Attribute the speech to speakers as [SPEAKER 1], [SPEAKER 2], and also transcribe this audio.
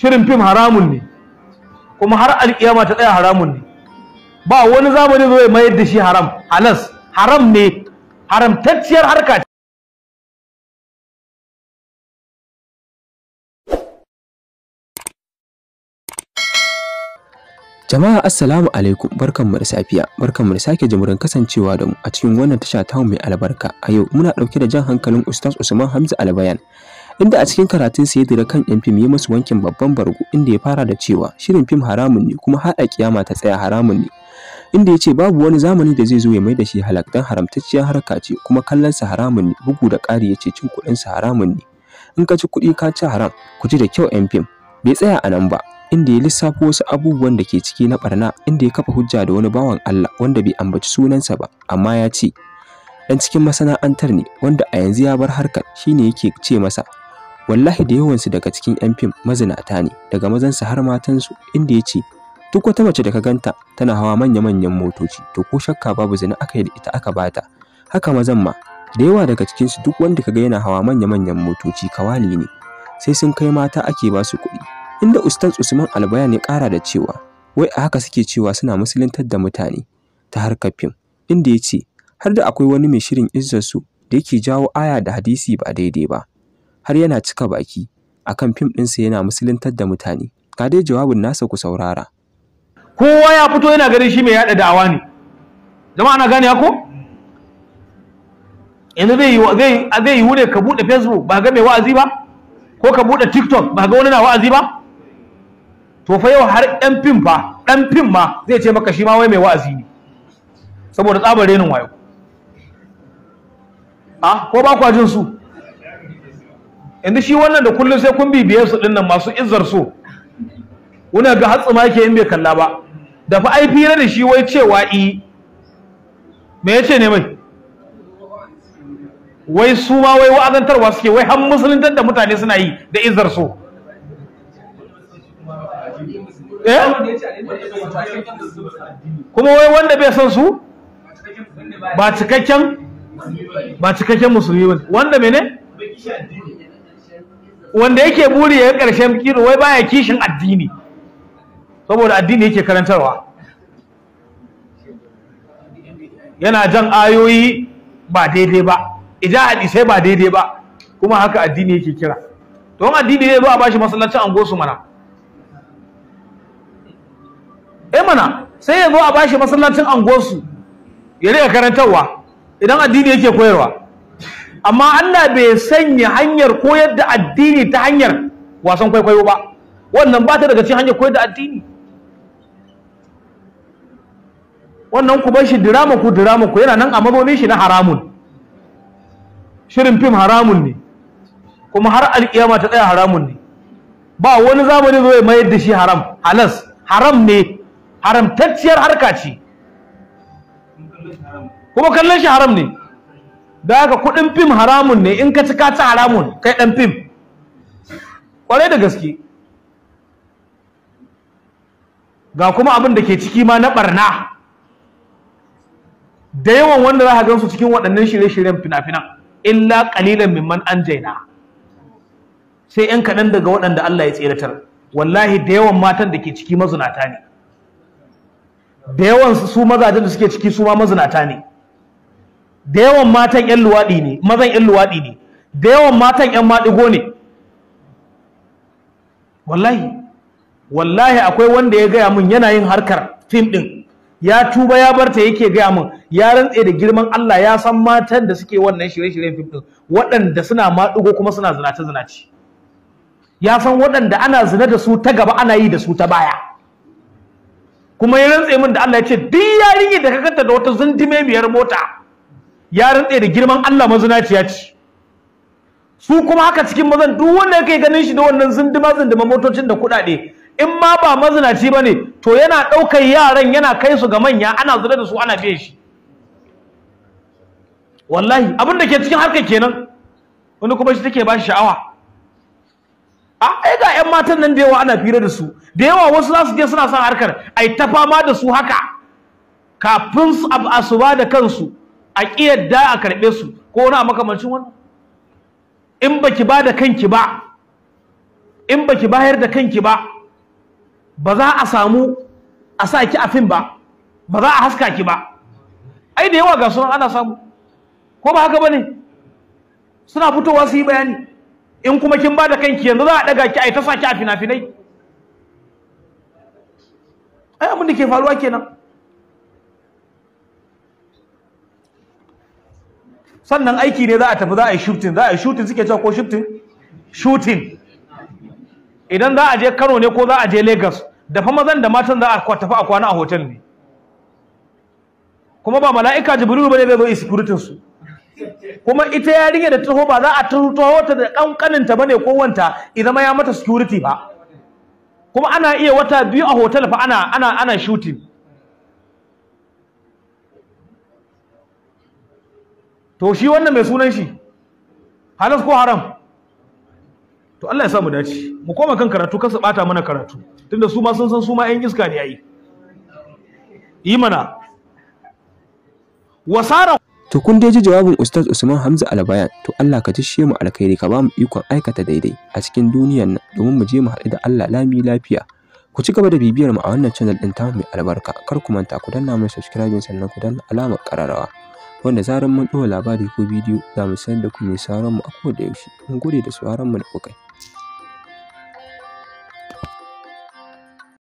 [SPEAKER 1] shirin fim haramun ne kuma har alƙiyama ta tsaya haramun ne ba wani zamani zai ya mayar da shi haram halas haram ne haramtacciyar harka ce
[SPEAKER 2] Jama'a assalamu alaikum mu da safiya barkan mu da sake jimurin kasancewa da mu a cikin wannan tasha ta mai albarka a yau muna ɗauke da jan hankalin Ustaz Usman Hamza Albayan inda a cikin karatun sa ya dira kan yan fim ya masu wankin babban bargo inda ya fara da cewa shirin fim haramun ne kuma haɗa kiyama ta tsaya haramun ne inda ya ce babu wani zamani da zai zo ya mai da shi halak haramtacciyar harka ce kuma kallon sa haramun ne bugu da ƙari ya ce cin kuɗin sa haramun ne in ka ci kuɗi ka ci haram ku ji da kyau yan fim bai tsaya a nan ba inda ya lissafo wasu abubuwan da ke ciki na barna inda ya kafa hujja da wani bawan Allah wanda bai ambaci sunansa ba amma ya ce dan cikin masana'antar ne wanda a yanzu ya bar harkar shine yake ce masa wallahi da yawansu daga cikin 'yan fim mazinata ne daga mazansu har matansu inda ya ce duk wata mace da ka ganta tana hawa manya-manyan motoci to ko shakka babu zina aka yi da ita aka bata haka mazan ma da yawa daga cikinsu duk wanda ka ga yana hawa manya-manyan motoci kawali ne sai sun kai mata ake ba su kuɗi inda ustaz usman Albaya ya ƙara da cewa wai a haka suke cewa suna musuluntar da mutane ta harkar fim inda ya ce har da akwai wani mai shirin izzarsu da yake jawo aya da hadisi ba daidai ba har yana cika baki akan fim ɗinsa yana musuluntar da mutane ka dai jawabin nasa ku saurara kowa
[SPEAKER 1] ya fito yana ganin shi mai yada da'awa ne jama'a na gane ko yanzu zai yi ne ka buɗe facebook ba ga mai wa'azi ba ko ka buɗe tiktok ba ga wani na wa'azi ba to fa yau har 'yan fim fa dan fim ma zai ce maka shi ma wai mai wa'azi ne saboda tsabar renin wayo a ah, ko ba kwa jin su yanzu shi wannan da kullum sai kun bibiye su dinnan masu izzar su wuna ga hatsi ma yake yin bai kalla ba da fa ai fira da shi wai cewa i me yace ne mai wai su ma wai wa'azantarwa suke wai har musulunta da mutane suna yi da izzar su eh kuma wai wanda bai san su ba cikakken ba cikakken musulmi wanda mene wanda yake buri ya ƙarshen kiro wai baya kishin addini saboda addini yake karantarwa yana jan ayoyi ba daidai ba ija hadisai ba daidai ba kuma haka addini yake kira don addini ne ba a bashi masallacin an su mana eh mana sai ya zo a bashi masallacin ango su ya rika karantarwa idan addini yake koyarwa amma Allah bai sanya hanyar koyar da addini ta hanyar wasan kwaikwayo ba wannan ba ta daga cikin hanyar koyar da addini wannan ku bar shi dirama ku dirama ku yana nan a mazauni shi na haramun shirin fim haramun ne kuma har alƙiyama ta tsaya haramun ne ba wani zamani zai ya mayar da shi haram halas haram ne haramtacciyar harka ce kuma kallon shi haram ne da haka kuɗin fim haramun ne in ka ci ka ci haramun kai ɗan fim ƙwarai da gaske ga kuma abin da ke ciki ma na ɓarna da yawan wanda za a gansu cikin waɗannan shirye-shiryen fina-finan illa ƙalilan mimman an jaina sai 'yan kaɗan daga waɗanda Allah ya tseratar wallahi da yawan matan da ke ciki mazinata ne da yawan su mazajen da suke ciki su ma mazinata ne da yawan matan ƴan luwaɗi ne mazan ƴan luwaɗi ne da yawan matan ƴan maɗigo ne wallahi wallahi akwai wanda ya gaya min yana yin harkar fim ɗin ya tuba ya barta yake gaya min ya rantse da girman Allah ya san matan da suke wannan shirye-shiryen fim ɗin waɗanda suna maɗigo kuma suna zinace-zinace ya san waɗanda ana zina da su ta gaba ana yi da su ta baya kuma ya rantse min da Allah ya ce duk yarinyar da ka kanta da wata zuntume biyar mota ya rantse da girman Allah mazinaciya ce su kuma haka cikin mazan duk wanda yake ganin shi da wannan zunduma zunduma motocin da kuɗaɗe in ma ba mazinaci bane to yana ɗaukar yaran yana kai su ga manya ana zura da su ana biye shi wallahi abin da ke cikin harkar kenan wani kuma shi take ba shi sha'awa a ai ga ƴan matan nan da yawa ana fira da su da yawa wasu za su je suna son harkar ai ta fama da su haka kafin su asuba da kansu a ƙiyadda a karɓe su ko wani a makamancin wannan in baki ba da kanki ba in baki bayar da kanki ba ba za a samu a sa ki a fim ba ba za a haska ki ba ai da yawa ga sunan ana samu ko ba haka bane suna fitowa su yi bayani in kuma kin ba da kanki yanzu za a daga ki a yi ta sa ki a fina-finai ai abin da ke faruwa kenan sannan aiki ne za a tafi za a yi shooting za a yi shooting suke cewa ko shooting shooting idan za a je Kano ne ko za a je Lagos da fa mazan da matan za a tafi a kwana a hotel ne kuma ba mala'ika ba bane zai zo security su kuma ita yarinya da taho ba za a taho ta da ta bane ko wanta idan ma ya mata security ba kuma ana iya wata biyu a hotel fa ana ana ana shooting to shi wannan mai sunan shi halas ko haram to Allah ya sa dace mu koma kan karatu kasa bata mana karatu tunda su ma sun san su ma yan iska ne yayi yi mana wasara
[SPEAKER 2] to kun dai ji jawabin ustaz Usman Hamza Albayan to Allah ka jishe mu alkhairi ka ba mu ikon aikata daidai a cikin duniyar nan domin mu je mu haɗu da Allah lami lafiya ku ci gaba da bibiyar mu a wannan channel din ta mai albarka kar ku manta ku danna mai subscribe sannan ku danna alamar kararrawa wanda zaran mun ɗora labari ko bidiyo za mu sanar da ku mai sauraron mu a koda yaushe. Mun gode da sauraron mu da kuka